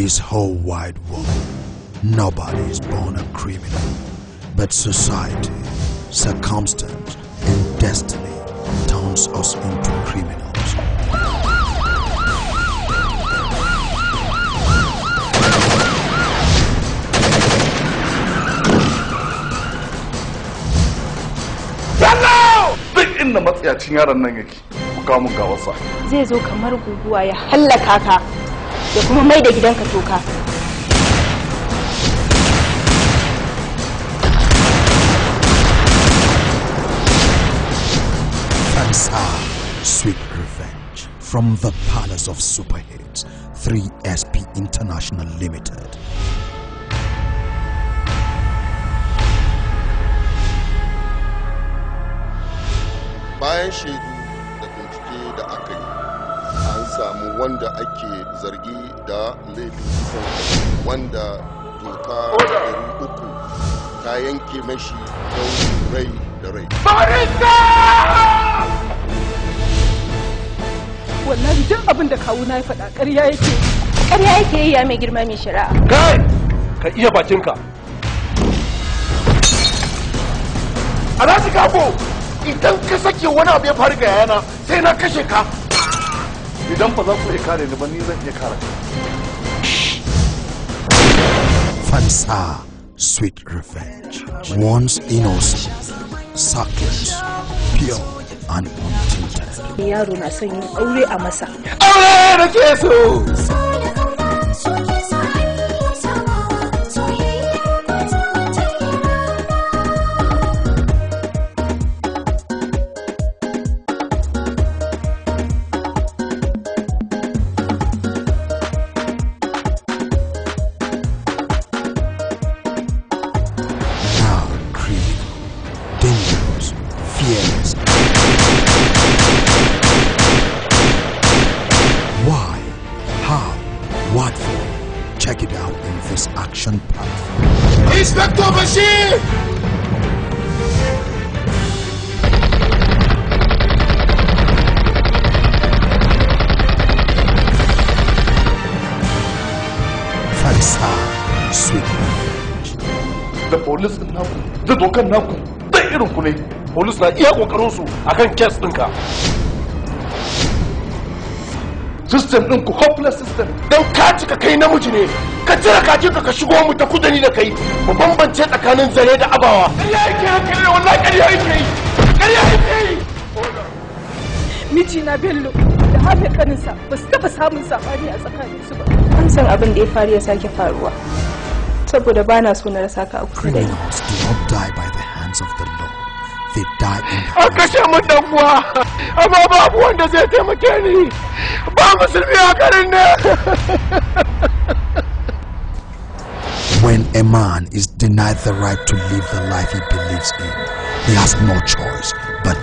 this whole wide world, nobody is born a criminal, but society, circumstance, and destiny turns us into criminals. inda matsayacin yaron nan yake ku kawo mun gawarsa zai zo kamar guguwa ya hallaka ka da kuma mai da gidanka toka Sweet Revenge from the Palace of Superhits, 3SP International Limited. Bayan shaidu da bincike da aka yi, an samu wanda ake zargi da laifin kisan wanda doka ɗari uku ta yanke mashi don rai da rai. Wallahi duk abin da kawo na ya faɗa ƙarya yake. Ƙarya yake yi ya mai girma mai shari'a. Kai! Ka iya bakinka. Alhaji Kabo, idan ka sake wani abu ya faru ga yana sai na kashe ka. idan ba za ku iya kare ni ba ni zan iya kare Fansa Sweet Revenge Once innocent Suckers Pure and untainted Yaro na son yin aure a masa Aure da ke so! dukkan naku dai irin ku ne polis na iya kokarin su akan kes ɗinka system ɗin ku hopeless system don ka cika kai namiji ne ka cire kakin ka shigo mu ta kudani da kai mu bambance tsakanin zare da abawa miji yake haka ne wallahi yake yi yake yi bello da hafe kaninsa ba su taba samun sabani a tsakaninsu ba an san abin da ya faru ya sake faruwa saboda ba na a kusa da not die by the hands of the law they die in a kashe dan uwa amma babu wanda zai taimake ni ba musulmi a garin ne When a man is denied the right to live the life he believes in, he has no choice but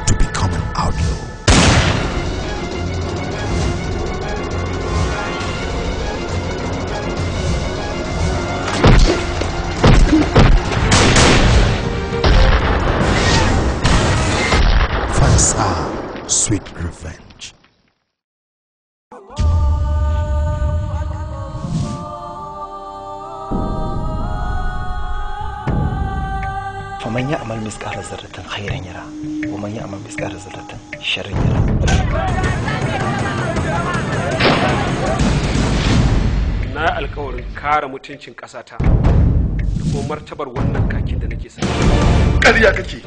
sweet revenge. ومن يعمل مثقال ذرة خيرا يرى ومن يعمل مثقال ذرة شرا يرى na alkawarin kare mutuncin ƙasata ko kuma martabar wannan kakin da nake sani ƙarya kake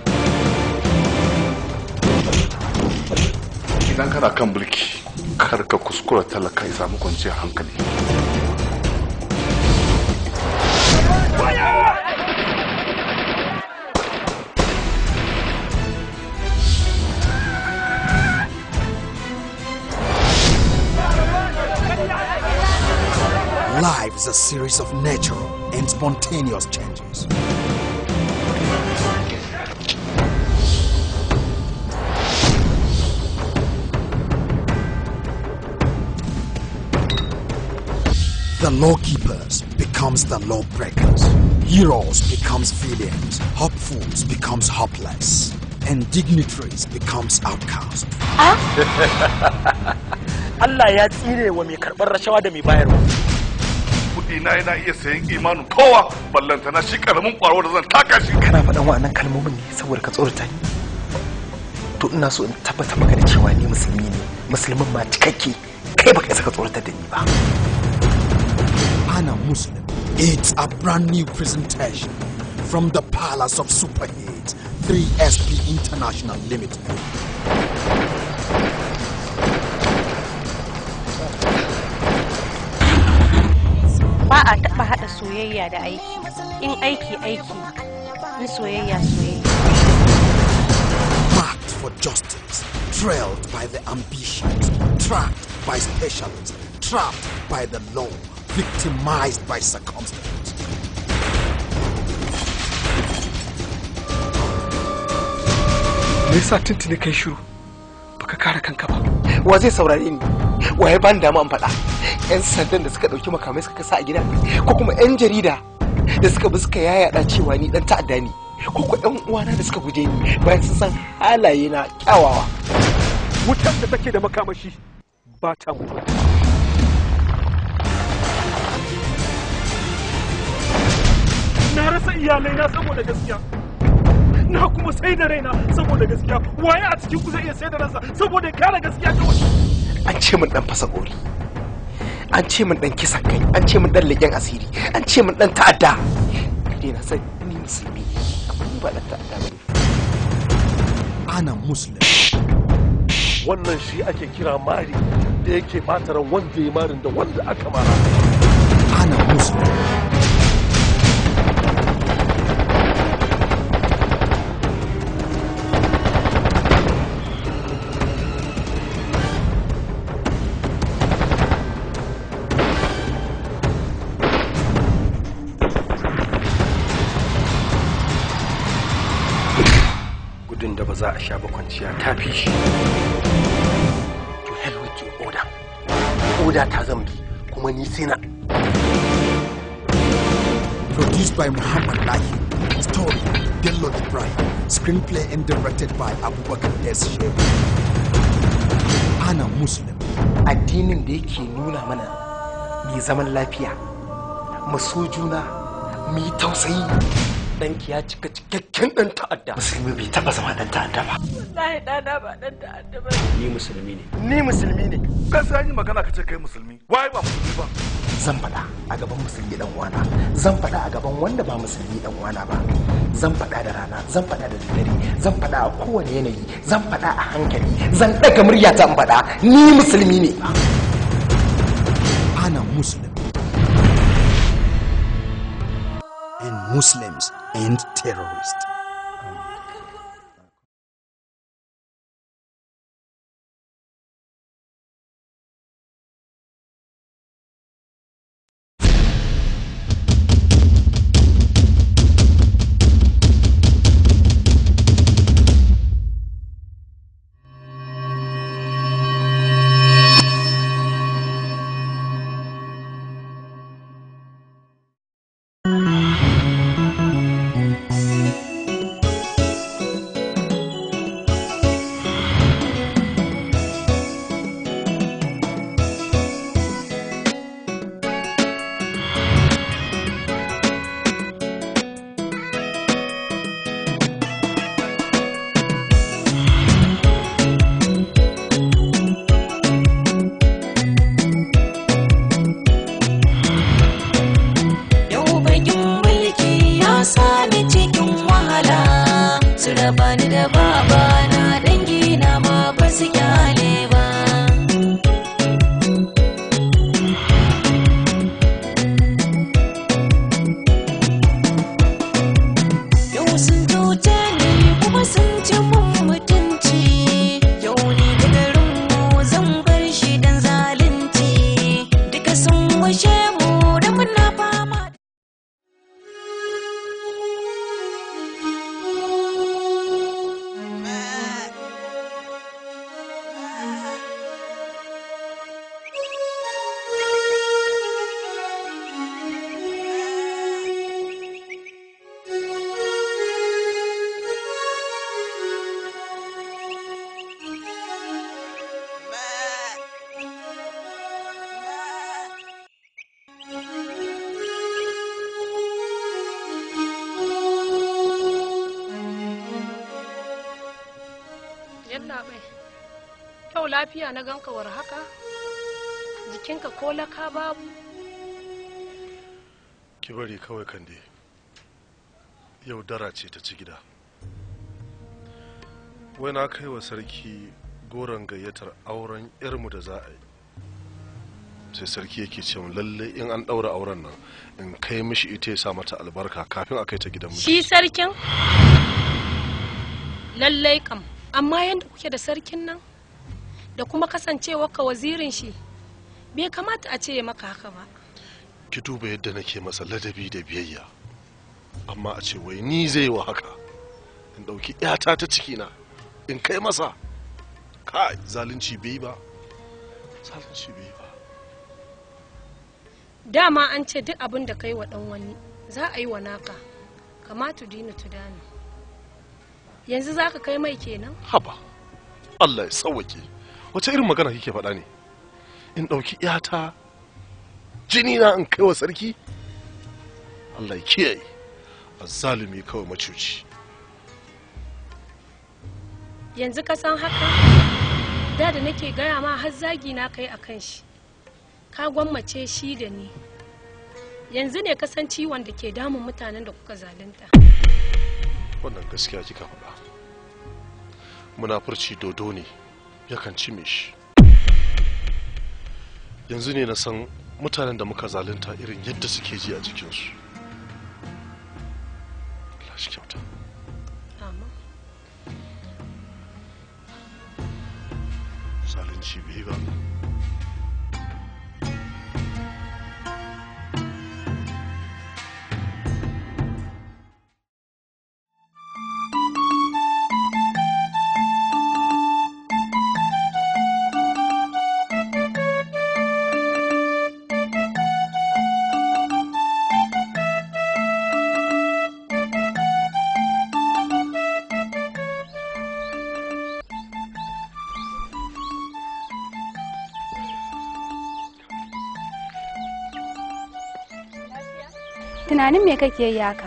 idan kana kan mulki kar ka kuskura talaka ya samu kwanciyar hankali Life is a series of natural and spontaneous changes. the lawkeepers becomes the lawbreakers. Heroes becomes villains. Hopefuls becomes hopeless. And dignitaries becomes outcasts. Allah ya tsire wa mai karɓar rashawa da mai bayarwa. Kuɗina yana iya sayan imanin kowa ballantana shi karamin ƙwaro da zan taka shi. Kana faɗan wa'annan kalmomin ne saboda ka tsorata ni. To ina so in tabbata maka da cewa ni musulmi ne, musulmin ma cikakke kai baka isa ka tsorata da ni ba. Hana Muslim. It's a brand new presentation from the Palace of super Superhit, 3SP International Limited. Ba a taɓa haɗa soyayya da aiki, in aiki aiki, in soyayya soyayya. Marked for justice, trailed by the ambitions, trapped by specialists, trapped by the law. victimized by circumstance. Me yasa tuntuni kai shiru baka kare kanka ba? Wa zai saurare ni? Wa ya bani dama in faɗa? 'Yan sandan da suka ɗauki makamai suka kasa a gida ko kuma 'yan jarida da suka bi suka yayaɗa cewa ni ɗan ta'adda ne ko kuma 'yan uwana da suka guje ni bayan sun san halaye na kyawawa. Wutar da take da makamashi ba ta mutuwa. na rasa iyalai na saboda gaskiya na kuma sai da raina saboda gaskiya waye a cikin ku zai iya sai da ransa saboda kare gaskiya kawai an ce min dan fasa gori an ce min dan kisan kai an ce min dan leken asiri an ce min dan ta'adda ni na sai ni musulmi ba dan ta'adda ne. ana muslim wannan shi ake kira mari da yake fataran wanda ya marin da wanda aka mara ana muslim a sha bakwanciya ta fi shi to hell with your order order ta zambi bi kuma ni sai na produced by muhammad lahi story dello ibrahim screenplay and directed by abubakar s shehu ana muslim addinin da yake nuna mana mai zaman lafiya masu juna mai tausayi ɗanki ya cika cikakken ɗan ta'adda. Musulmi bai taɓa zama ɗan ta'adda ba. Wallahi ɗana ba ɗan ta'adda ba. Ni musulmi ne. Ni musulmi ne. Ka sai yi magana ka ce kai musulmi. Wai ba musulmi ba. Zan faɗa a gaban musulmi ɗan wana. Zan faɗa a gaban wanda ba musulmi ɗan wana ba. Zan faɗa da rana, zan faɗa da daddare, zan faɗa a kowane yanayi, zan faɗa a hankali, zan ɗaga murya ta faɗa. Ni musulmi ne. Ana musulmi. and Muslims and terrorists. music. ki bari kawai kande yau dara ce ta ci gida wai na kai wa sarki goron gayyatar auren irmu da za a yi sai sarki yake cewa lalle in an ɗaura auren nan in kai mishi ita ya sa mata albarka kafin a kai ta gidan shi sarkin lallai kam amma yadda kuke da sarkin nan da kuma kasancewa ka wazirin shi bai kamata a ce ya maka haka ba ki duba yadda nake masa ladabi da biyayya amma a ce wai ni zai wa haka in ɗauki yata ta cikina in kai masa kai zalunci bai ba zalunci bai ba dama an ce duk abin da kai wa ɗan wani za a yi wa naka tu dina tu dana. yanzu za ka kai mai kenan haba allah ya sauwake wace irin magana kike faɗa ne in ɗauki yata jini na in kai wa sarki allah ya kiyaye azzalumi kawai macuci yanzu ka haka da da nake gaya ma har zagi na kai a kan shi ka gwammace shi da ni yanzu ne kasan ciwon da ke damun mutanen da kuka zalunta wannan gaskiya kika faɗa munafurci dodo ne yakan ci shi yanzu ne na san mutanen da muka zalunta irin yadda suke ji a jikinsu kyauta zalunci bai ba tunanin me kake yi haka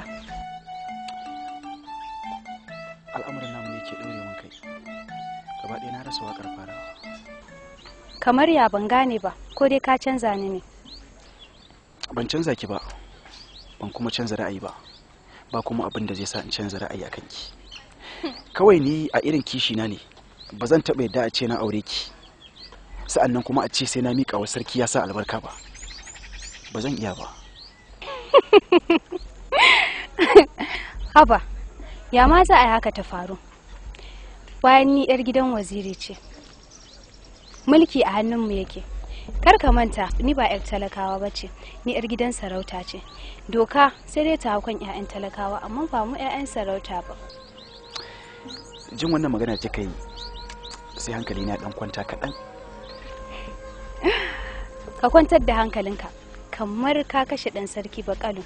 al'amuran namu ne ke ɗaure mun kai gaba ɗaya na rasa waƙar fara kamar ya ban gane ba ko dai ka canza ni ne ban canza ki ba ban kuma canza ra'ayi ba ba kuma abin da zai sa in canza ra'ayi a kanki kawai ni a irin kishi na ne ba zan taɓa yadda a ce na aure ki sa'annan kuma a ce sai na miƙa wa sarki ya sa albarka ba ba zan iya ba haba ya ma za a yi haka ta faru bayan ni yar gidan waziri ce mulki a hannunmu yake kar ka manta ni ba 'yar talakawa ba ce ni 'yar gidan sarauta ce doka sai dai ta hakon 'ya'yan talakawa amma ba mu 'ya'yan sarauta ba jin wannan magana kika kai sai hankali na dan kwanta kaɗan ka kwantar da hankalinka kamar ka kashe ɗan sarki bakalu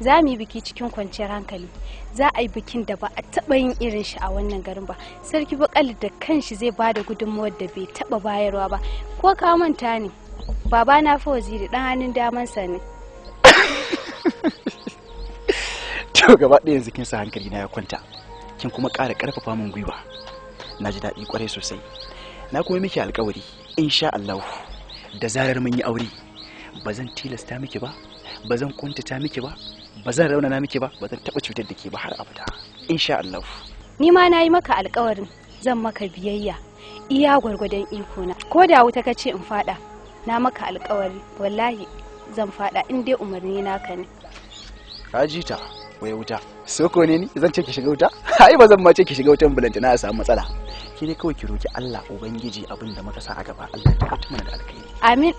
za mu yi biki cikin kwanciyar hankali za a yi bikin da ba a taba yin irin shi a wannan garin ba sarki bakalu da kanshi zai ba da gudunmawar da bai taba bayarwa ba ko ka manta ne baba na fa waziri dan hannun sa ne to gaba ɗaya yanzu kin sa hankali na ya kwanta kin kuma ƙara ƙarfafa min gwiwa na ji daɗi kwarai sosai na kuma miki alƙawari insha Allah da zarar mun yi aure ba zan tilasta miki ba ba zan kuntata miki ba ba zan raunana miki ba ba zan taba cutar da ke ba har abada insha Allah ni ma nayi maka alƙawarin zan maka biyayya iya gwargwadon iko na ko da wuta ka ce in fada na maka alƙawari wallahi zan fada in dai umarni naka ne ta wai wuta soko ne ni zan ce ki shiga wuta ai ba zan ma ce ki shiga wutan bulanta na samu matsala ki ne kawai ki roki Allah ubangiji abin da muka sa a gaba Allah ya tabbata mana da alkhairi amin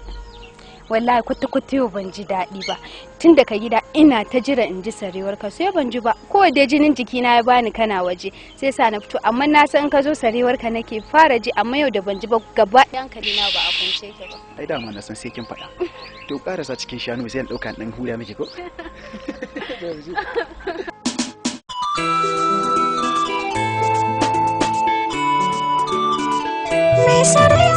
wallahi kwata-kwata yau ban ji daɗi ba tun daga gida ina ta jira in ji sarewar ka sai ban ji ba ko dai jinin jikina ya bani kana waje sai sa na fito amma na san ka zo sarewar ka nake fara ji amma yau da ban ji ba gaba ɗan ka na ba a kunce ka ba ai dama na san sai kin faɗa to ƙarasa cikin shanu sai na ɗauka ɗan hura miki ko Me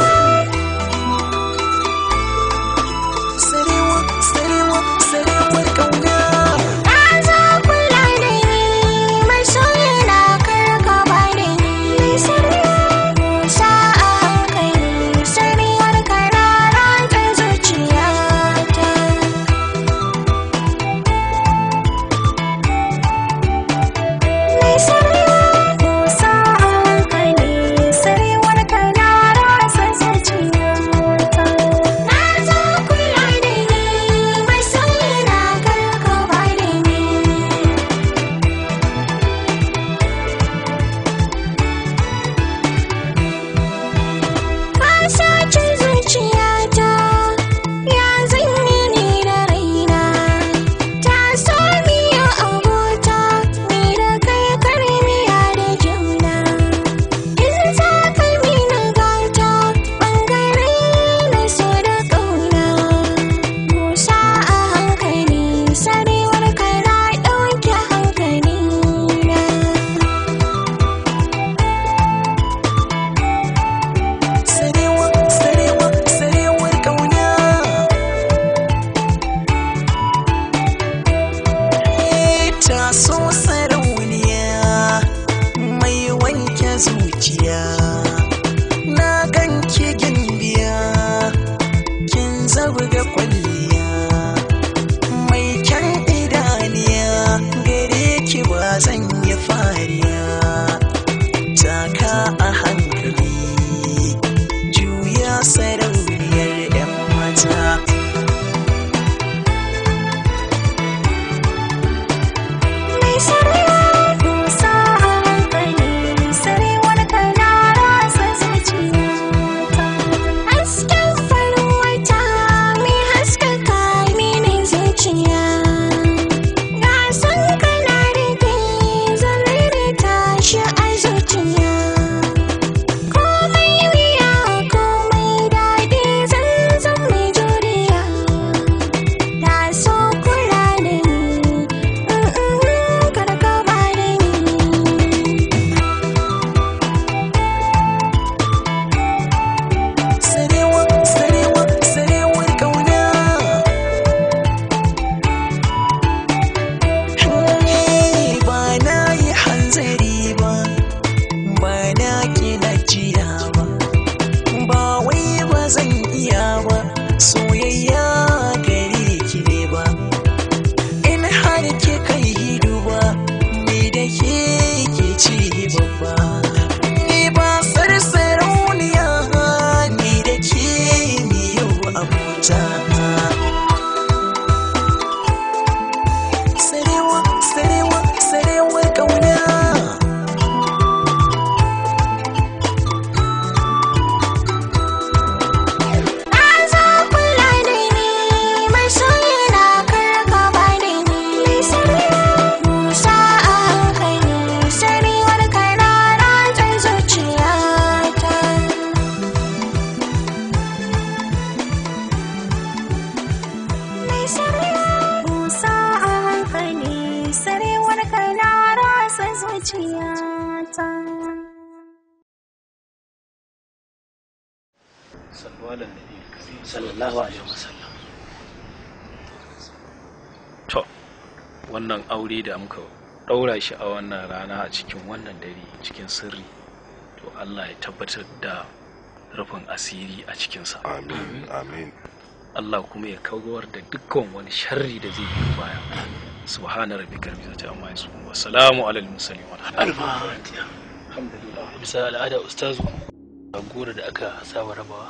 sallallahu alaihi wasallam to wannan aure da muka ɗaura shi a wannan rana a cikin wannan dare cikin sirri to Allah ya tabbatar da rufin asiri a cikinsa amin amin Allah kuma ya kawar da dukkan wani sharri da zai yi baya subhana rabbika rabbil izzati amma yasifun wa salamu alal mursalin alhamdulillah bisa al'ada ustazu gora da aka saba rabawa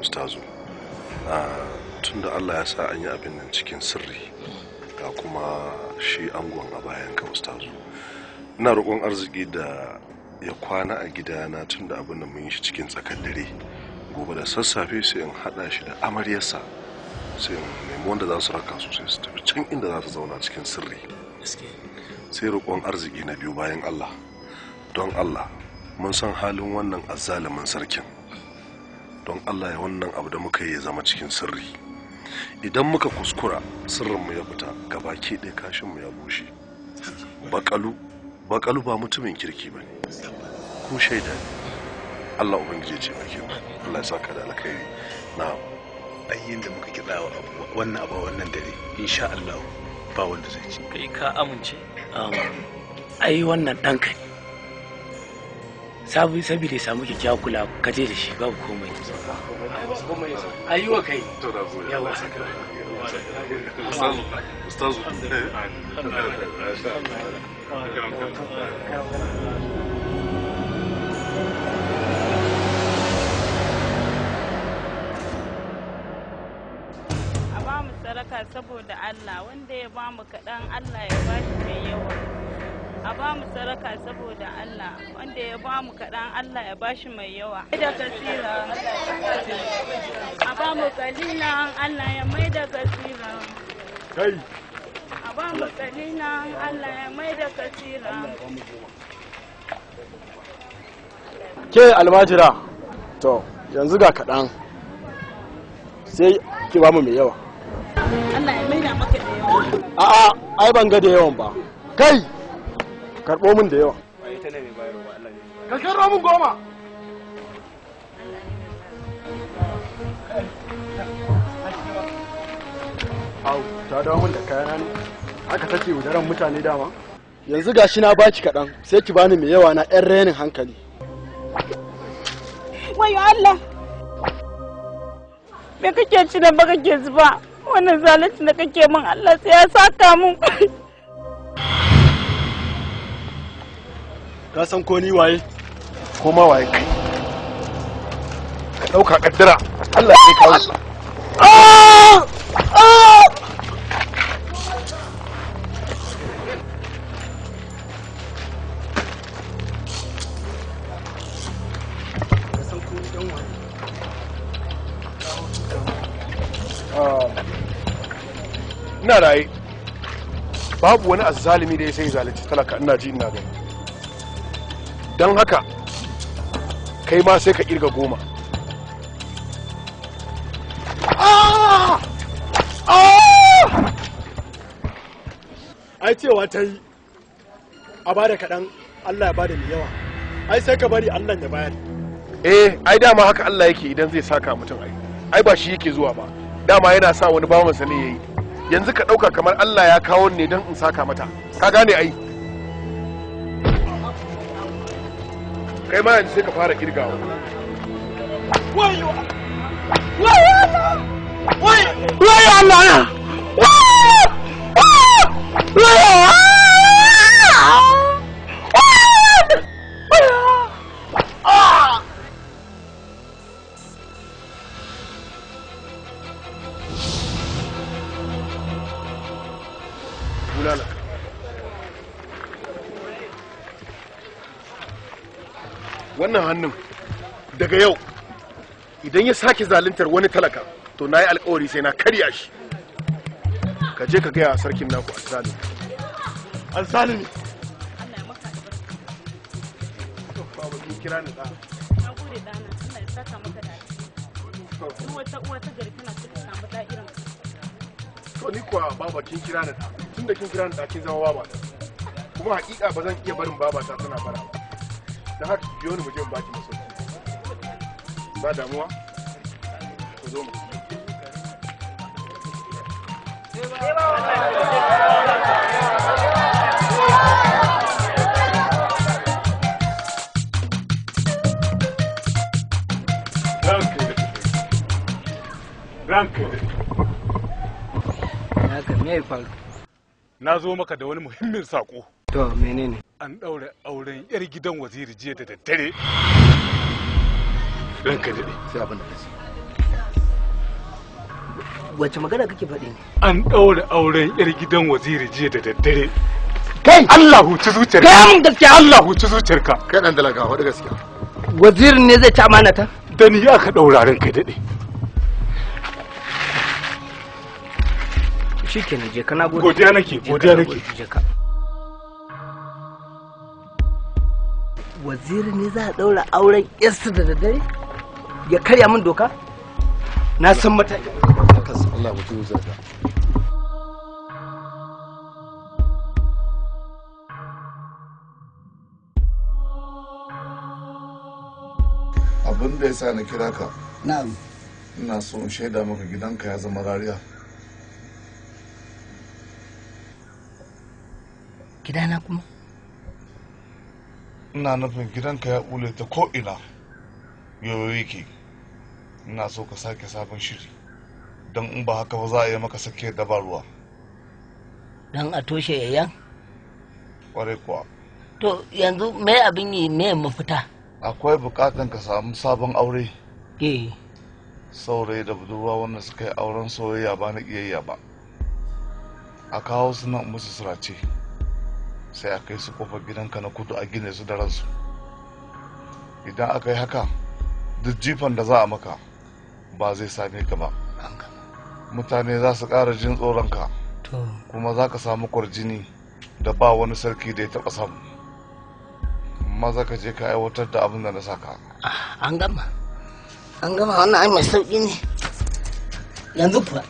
ustazu ah, tun da allah ya sa an yi abin nan cikin sirri ga kuma shi angon a bayan ka ustazu ina roƙon arziki da ya kwana a gidana tun da abin da mun yi shi cikin tsakar dare gobe da sassafe sai in haɗa shi da amaryarsa sai in nemi wanda za su raka su sai su tafi can inda za su zauna cikin sirri sai roƙon arziki na biyu bayan allah don allah mun san halin wannan azzalumin sarkin don allah ya wannan abu da muka yi zama cikin sirri idan muka kuskura sirrinmu ya fita gabaki ɗaya kashinmu ya bushe bakalu bakalu ba mutumin kirki ba ne ku shaida ne allah ubangiji ce mai allah ya saka da alkhairi na ayyin da muka kiɗa wannan abu wannan dare insha allah ba wanda zai ci kai ka amince um, ai wannan ɗanka ne sabu saboda ya samu kyakkyawa kula ka je da shi babu komai a yi wa kai yawa ustazu a ba mu sadaka saboda Allah wanda ya ba mu kaɗan Allah ya ba shi mai yawa a ba mu saraka saboda Allah wanda ya ba mu kaɗan Allah ya bashi mai yawa. Mai da kasira a ba mu kalilan Allah ya mai da kasira. Kai. A ba mu kalilan Allah ya mai da kasira. Ke almajira to yanzu ga kaɗan sai ki ba mu mai yawa. Allah ya mai da maka da yawa. A'a ai ban ga da yawan ba. Kai! karɓo min da yawa ka karɓo min goma au ta dawo min da kayana ne haka take wudaran mutane dama yanzu shi na baki kaɗan sai ki bani mai yawa na 'yan renin hankali wayo Allah me kake ci da ba kake zuba wannan zalunci da kake min Allah sai ya saka mun ka san ko ni waye ko ma waye kai ka dauka kaddara Allah ya kawo ina raye babu wani azzalimi da ya sai zalunci talaka ina ji ina gani don haka kai ma sai ka kirga goma ah! Ah! ai cewa ta yi a bada kaɗan allah ya bada mai yawa ai sai ka bari allah ya bayar eh ai dama haka allah yake idan zai saka mutum ai ai ba shi yake zuwa ba dama yana sa wani bawansa ne ya yi yanzu ka ɗauka kamar allah ya kawo ne don in saka mata ka gane ai kai ma yanzu aqui ka fara kirgawa wayo wayo wayo Allah wayo wayo wannan hannun daga yau idan ya sake zaluntar wani talaka to na yi alkawari sai na karya shi ka je ka gaya a sarkin naku a alzalimi a ni kira ni da. Tun da kin kira ni da kin zama baba. Kuma hakika ba zan iya barin baba ta tana bara ba. da haka yi wani mu je baki maso ba damuwa ku zo na zo maka da wani muhimmin sako to menene an ɗaure auren yar gidan waziri jiya da daddare ranka daɗe sai abin da kasi wace magana kake faɗi ne an ɗaure auren yar gidan waziri jiya da daddare kai Allah huci zuciyarka kai gaskiya Allah huci zuciyarka kai dan dalaga wadi gaskiya wazirin ne zai ci amana ta da ni aka ɗaura ranka daɗe shikenan je kana godiya nake godiya nake je ka waziri ne za a daura auren yarsa da daddare ya karya min doka na san mataki Allah abin da ya sa na kira ka na'am ina so in shaida maka gidanka ya zama rariya gidana kuma ina nufin gidanka ya ɓule ta ko'ina yoyo yake ina so ka sake sabon shiri don in ba haka ba za a yi maka sake dabaruwa. don a toshe yayan Kware kuwa to yanzu mai abin yi mai mafita akwai bukatan ka samu sabon aure eh saurayi da budurwa wanda suka yi auren soyayya ba na iyayya ba a kawo suna musu surace. sai a kai su kofar gidanka na kudu a gine su da ransu idan aka yi haka duk jifan da za a maka ba zai same ka ba mutane za su ƙara jin tsoronka kuma za ka samu kwarjini da ba wani sarki da ya taɓa samu amma za ka je ka aiwatar da abin da na saka ah, an gama an gama wannan ai mai sauƙi ne yanzu kuwa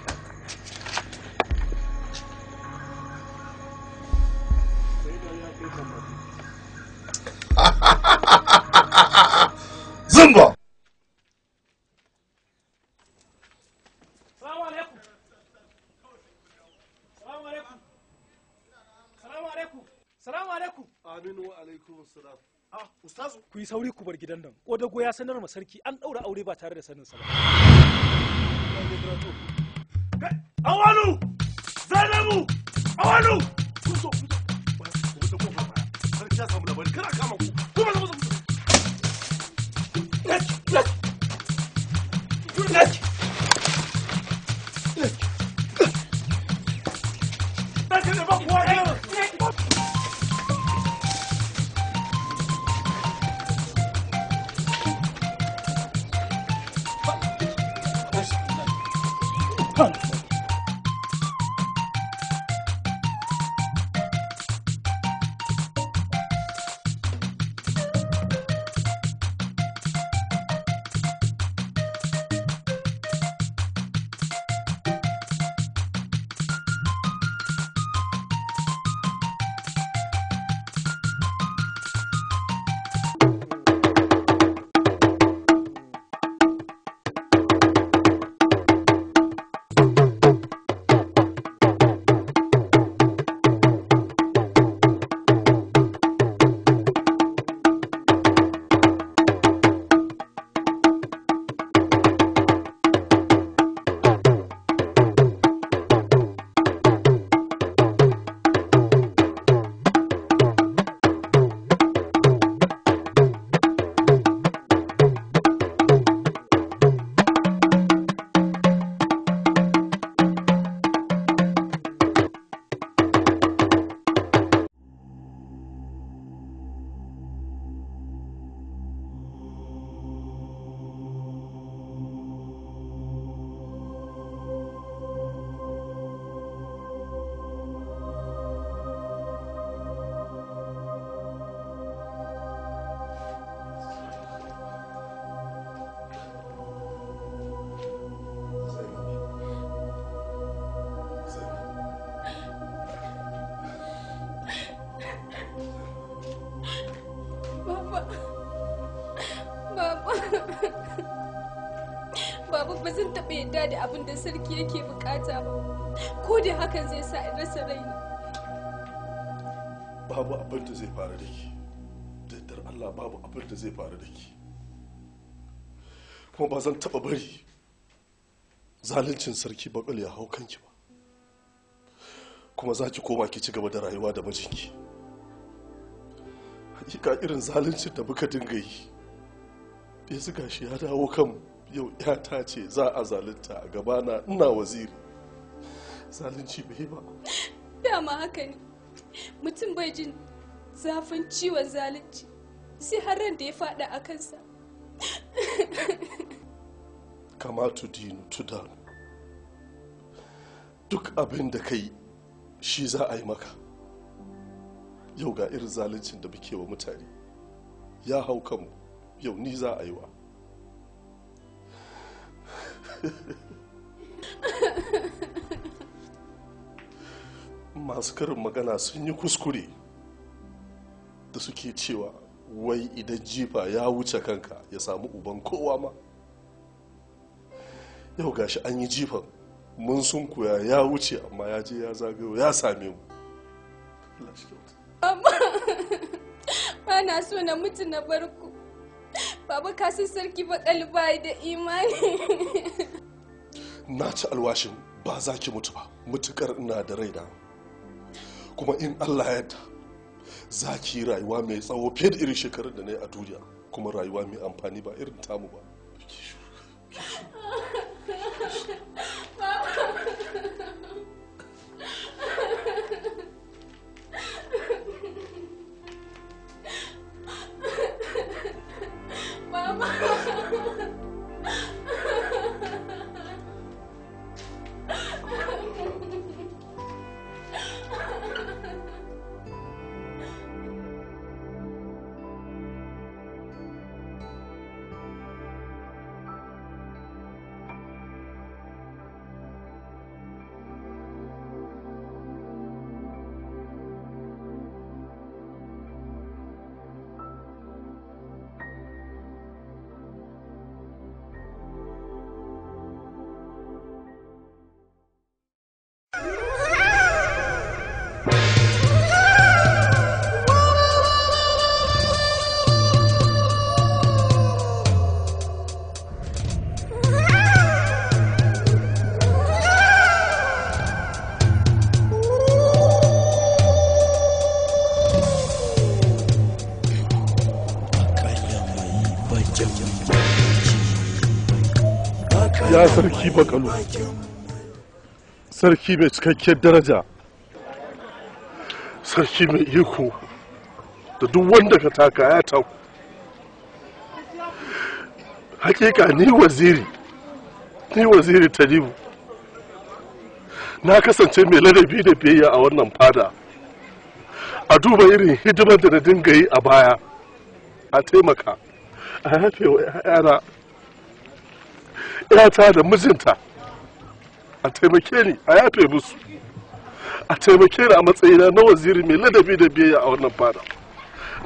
Ah, ustazu ku sauri ku bar gidan nan ya sanar ma sarki an ɗaura aure ba tare da sanin sa ba awalu zainabu awalu kuma ba zan taɓa bari zaluncin sarki bakal ya hau kanki ba kuma za ki koma ki ci gaba da rayuwa da mijinki hakika irin zaluncin da muka dinga yi da suka shi ya dawo kan yau yata ce za a zalunta a gabana ina waziri zalunci bai ba dama haka ne mutum bai jin zafin ciwon zalunci sai har ran da ya faɗa a kansa kamatu tudinu tudan duk abin da ka shi za a yi maka yau ga irin zaluncin da muke wa mutane ya hau kanmu yau ni za a yi wa masu karin magana sun yi kuskure da suke cewa wai idan jifa ya wuce kanka ya samu uban kowa ma yau gashi an yi jifan mun sun kuya ya wuce amma ya je ya zagayo ya same mu amma ba na so na mutu na barku babu ka sarki bakal ba da imani na ci alwashin ba za ki mutu ba mutukar ina da raina kuma in allah ya yarda za ki yi rayuwa mai tsawo fiye da irin shekarun da na yi a duniya kuma rayuwa mai amfani ba irin tamu ba bakalu sarki mai cikakkiyar daraja sarki mai iko da duk wanda ka taka ya ta hakika ni waziri ni waziri talibu na kasance mai ladabi da biyayya a wannan fada a duba irin hidimar da na dinga yi a baya a taimaka a yafe wa 'ya'yana yata da mijinta a taimake ni a yafe musu a taimake ni a matsayina na waziri mai ladabi da biyayya a wannan fada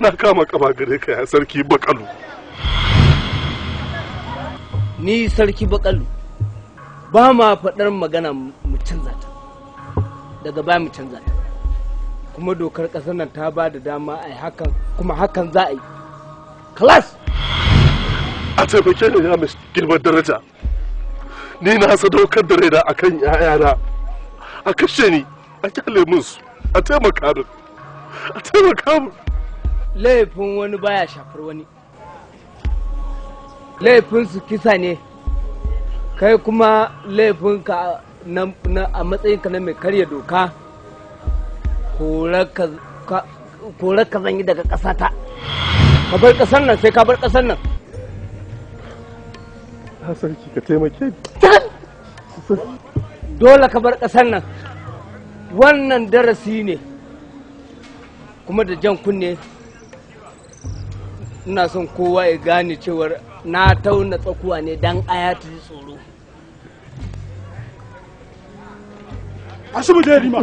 na kama kama gare ka ya sarki bakalu ni sarki bakalu ba ma faɗar magana mu canza ta daga baya mu canza ta kuma dokar ƙasar nan ta ba da dama a hakan kuma hakan za a yi kalas a taimake ni ya mai girman daraja ni na sadaukar da raina a kan ‘ya'yana a kashe ni a kyale min su a taimaka min a taimaka min laifin wani baya shafar wani laifin su kisa ne kai kuma laifin ka a matsayin ka na mai karya doka kora ka zanyi daga ƙasata ka bar ƙasar nan sai ka bar ƙasar nan sarki ka taimake dole ka bar ƙasar nan wannan darasi ne kuma da jan kunne ina son kowa ya gane cewar na tauna tsakuwa ne don aya ta tsoro rima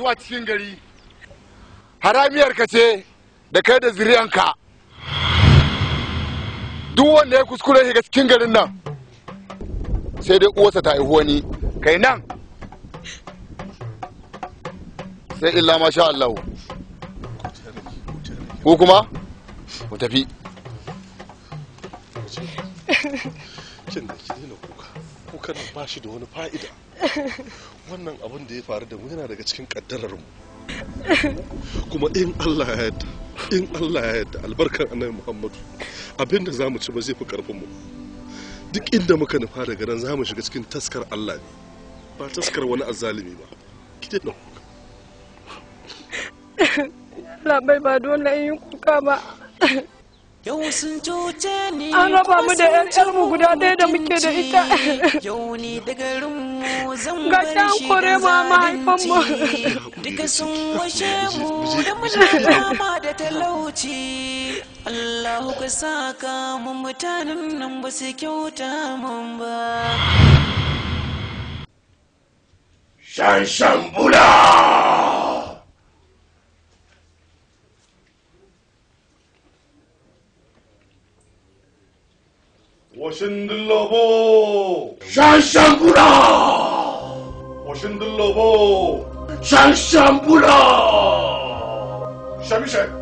zuwa cikin gari haramiyar ka ce da kai da zuriyanka duk wanda ya kuskure shiga cikin garin nan sai dai uwarsa ta haihu wani kai nan sai illa masha Allah ko kuma ku tafi cin da kuka kuka ba shi da wani fa'ida wannan abin da ya faru da mu yana daga cikin kaddarar mu kuma in Allah ya yarda in Allah ya yarda albarkar annabi Muhammadu abin da zamu ci ba zai fi karfin mu duk inda muka nufa daga nan zamu shiga cikin taskar Allah ne ba taskar wani azzalimi ba kide nan bai ba dole nayi kuka ba Yau sun cuce ni An raba mu da ƴar mu guda ɗaya da muke da ita. Yau ni da garin mu zan bar shi da kore ma mahaifan mu. Duka sun washe mu da muna fama da talauci. Allah ka saka mu mutanen nan ba su kyauta mun ba. Shan shan bula! 오신들러보 샹샹구라 오신들러보 샹샹구라 샤미샤